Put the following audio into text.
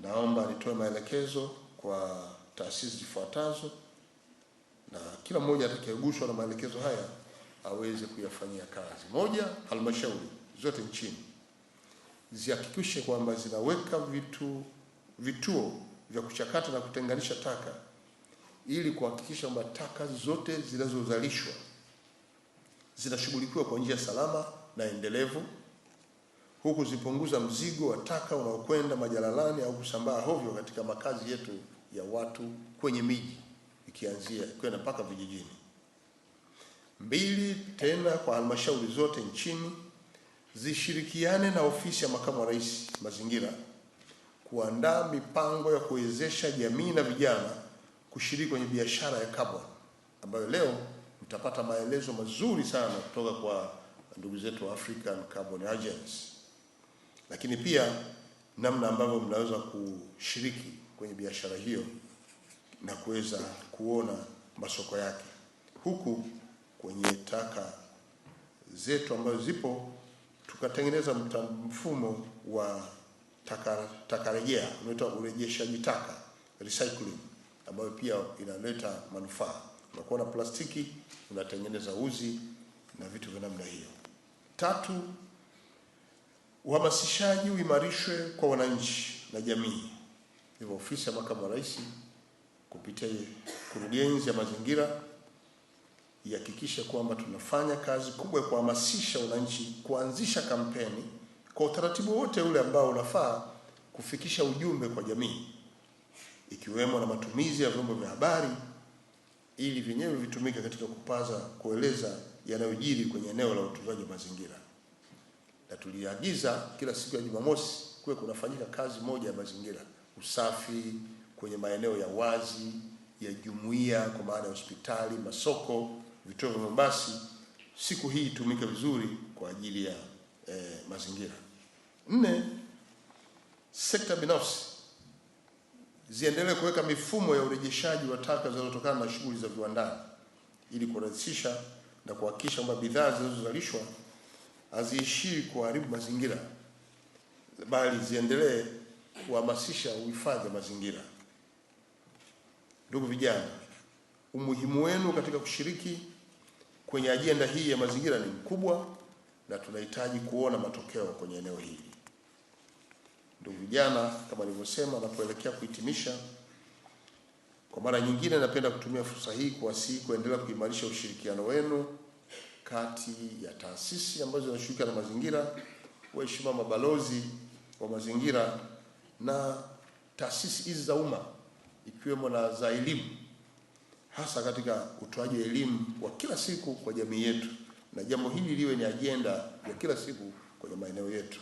Naomba nitoe maelekezo kwa taasisi zifuatazo na kila mmoja atakayeguswa na maelekezo haya aweze kuyafanyia kazi. Moja, halmashauri zote nchini zihakikishe kwamba zinaweka vitu vituo vya kuchakata na kutenganisha taka ili kuhakikisha kwamba taka zote zinazozalishwa zinashughulikiwa kwa njia salama na endelevu huku zipunguza mzigo wa taka unaokwenda majalalani au kusambaa hovyo katika makazi yetu ya watu kwenye miji ikianzia kwenda mpaka vijijini. Mbili, tena kwa halmashauri zote nchini zishirikiane na ofisi ya makamu wa rais mazingira kuandaa mipango ya kuwezesha jamii na vijana kushiriki kwenye biashara ya carbon, ambayo leo mtapata maelezo mazuri sana kutoka kwa ndugu zetu African Carbon Agency lakini pia namna ambavyo mnaweza kushiriki kwenye biashara hiyo na kuweza kuona masoko yake, huku kwenye taka zetu ambazo zipo tukatengeneza mfumo wa taka, taka rejea unaitwa urejeshaji taka recycling, ambayo pia inaleta manufaa. Unakuwa na plastiki unatengeneza uzi na vitu vya namna hiyo. Tatu, Uhamasishaji uimarishwe kwa wananchi na jamii. Hivyo ofisi ya makamu wa rais kupitia kurugenzi ya mazingira ihakikishe kwamba tunafanya kazi kubwa ya kuhamasisha wananchi kuanzisha kampeni kwa utaratibu wote ule ambao unafaa kufikisha ujumbe kwa jamii, ikiwemo na matumizi ya vyombo vya habari ili vyenyewe vitumike katika kupaza, kueleza yanayojiri kwenye eneo la utunzaji wa mazingira na tuliagiza kila siku ya Jumamosi kuwe kunafanyika kazi moja ya mazingira, usafi kwenye maeneo ya wazi ya jumuiya, kwa maana ya hospitali, masoko, vituo vya mabasi. Siku hii itumike vizuri kwa ajili ya eh, mazingira. Nne, sekta binafsi ziendelee kuweka mifumo ya urejeshaji wa taka zinazotokana na shughuli za viwandani ili kurahisisha na kuhakikisha kwamba bidhaa zinazozalishwa haziishii kuharibu mazingira, bali ziendelee kuhamasisha uhifadhi wa mazingira. Ndugu vijana, umuhimu wenu katika kushiriki kwenye ajenda hii ya mazingira ni mkubwa na tunahitaji kuona matokeo kwenye eneo hili. Ndugu vijana, kama nilivyosema napoelekea kuhitimisha, kwa mara nyingine, napenda kutumia fursa hii kuwasihi kuendelea kuimarisha ushirikiano wenu kati ya taasisi ambazo zinashughulika na mazingira, waheshimiwa mabalozi wa mazingira na taasisi hizi za umma ikiwemo na za elimu, hasa katika utoaji wa elimu wa kila siku kwa jamii yetu, na jambo hili liwe ni ajenda ya kila siku kwenye maeneo yetu.